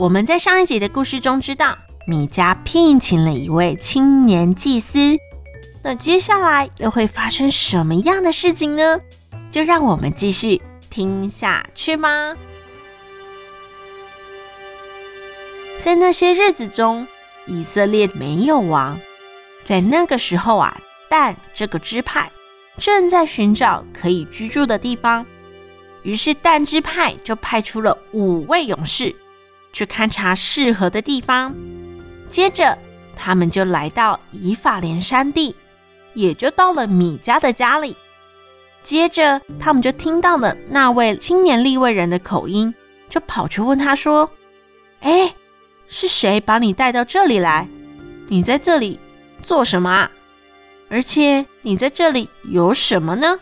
我們在上一集的故事中知道，米迦聘請了一位青年祭司。那接下來又會發生什麼樣的事情呢？就讓我們繼續聽下去吧。在那些日子中，以色列沒有王。在那個時候啊，但這個支派正在尋找可以居住的地方。於是，但支派就派出了五位勇士。去勘察適合的地方，接着他們就來到以法蓮山地，也就到了米迦的家裡。接着他們就聽到了那位青年利未人的口音，就跑去問他說：“哎，是誰把你帶到這裡來？你在這裡做什麼啊？而且你在這裡有什麼呢？”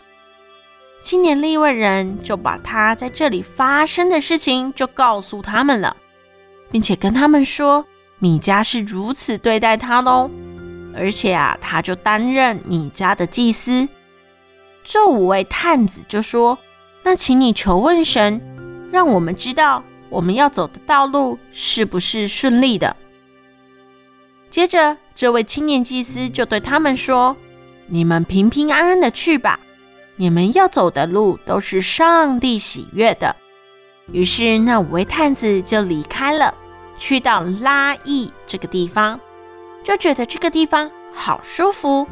青年利未人就把他在這裡發生的事情就告訴他們了。並且跟他們說，米迦是如此對待他嘍。而且啊，他就擔任米迦的祭司。這五位探子就說：“那請你求問神，讓我們知道我們要走的道路是不是順利的。”接着，這位青年祭司就對他們說：“你們平平安安的去吧，你們要走的路都是上帝喜悅的。”於是，那五位探子就離開了，去到拉億這個地方，就覺得這個地方好舒服，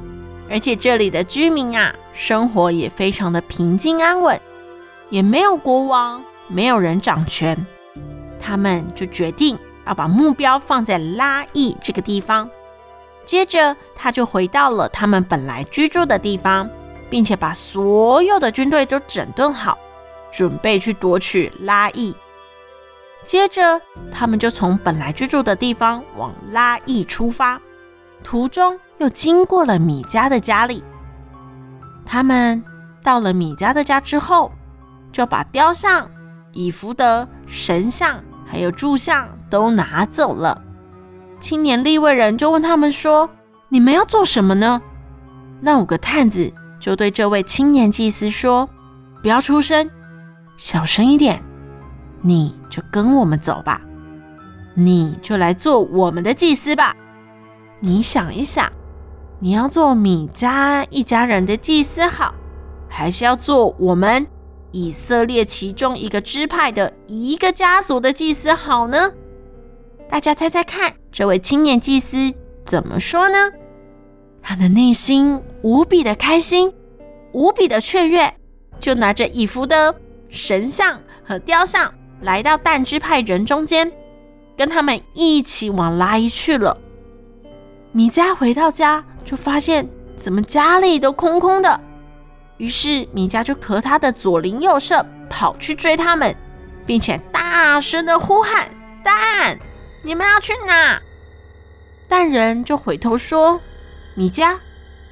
而且這裡的居民啊，生活也非常的平靜安穩，也沒有國王，沒有人掌權。他們就決定要把目標放在拉億這個地方。接着，他就回到了他們本來居住的地方，並且把所有的軍隊都整頓好。準備去奪取拉億，接着他們就從本來居住的地方往拉億出發，途中又經過了米迦的家裡。他們到了米迦的家之後，就把雕像、以弗得、神像還有柱像都拿走了。青年利未人就問他們說：“你們要做什麼呢？”那五個探子就對這位青年祭司說：“不要出聲。”小聲一點，你就跟我們走吧，你就來做我們的祭司吧。你想一想，你要做米迦一家人的祭司好，還是要做我們以色列其中一個支派的一個家族的祭司好呢？大家猜猜看，這位青年祭司怎麼說呢？他的內心無比的開心，無比的雀躍，就拿着以弗得。神像和雕像來到但支派人中間，跟他們一起往拉億去了。米迦回到家就發現怎麼家裡都空空的，於是米迦就和他的左鄰右舍跑去追他們，並且大聲的呼喊：“但，你們要去哪？”但人就回頭說：“米迦，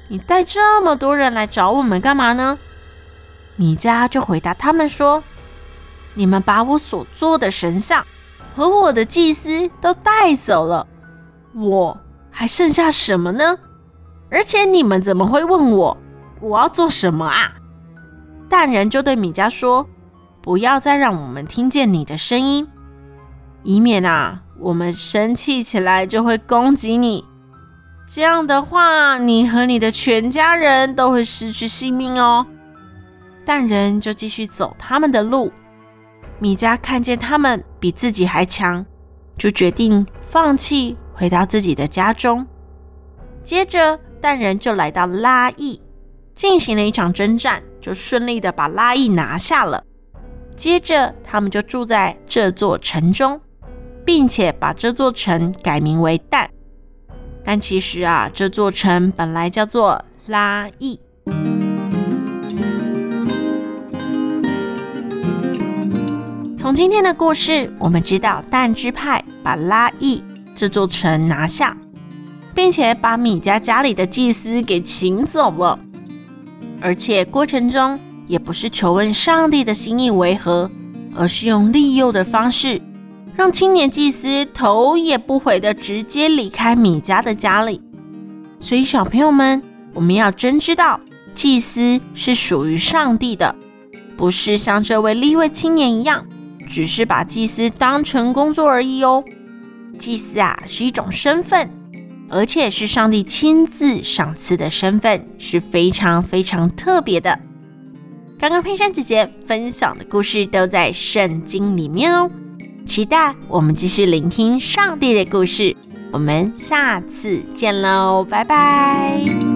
你帶這麼多人來找我們幹嘛呢？”米迦就回答他們說：“你們把我所做的神像和我的祭司都帶走了，我還剩下什麼呢？而且你們怎麼會問我我要做什麼啊？”但人就對米迦說：“不要再讓我們聽見你的聲音，以免啊我們生氣起來就會攻擊你。這樣的話，你和你的全家人都會失去性命哦。”但人就繼續走他們的路。米迦看見他們比自己還強，就決定放棄，回到自己的家中。接着，但人就來到拉億，進行了一場征戰，就順利的把拉億拿下了。接着，他們就住在這座城中，並且把這座城改名為但。但其實啊，這座城本來叫做拉億。從今天的故事，我們知道，但支派把拉億這座城拿下，並且把米迦家，家裡的祭司給請走了。而且過程中也不是求問上帝的心意為何，而是用利誘的方式，讓青年祭司頭也不回的直接離開米迦的家裡。所以，小朋友們，我們要真知道，祭司是屬於上帝的，不是像這位利未青年一樣。只是把祭司當成工作而已哦。祭司啊，是一種身份，而且是上帝親自賞賜的身份，是非常非常特別的。剛剛佩珊姐姐分享的故事都在聖經裡面哦。期待我們繼續聆聽上帝的故事，我們下次見嘍，拜拜。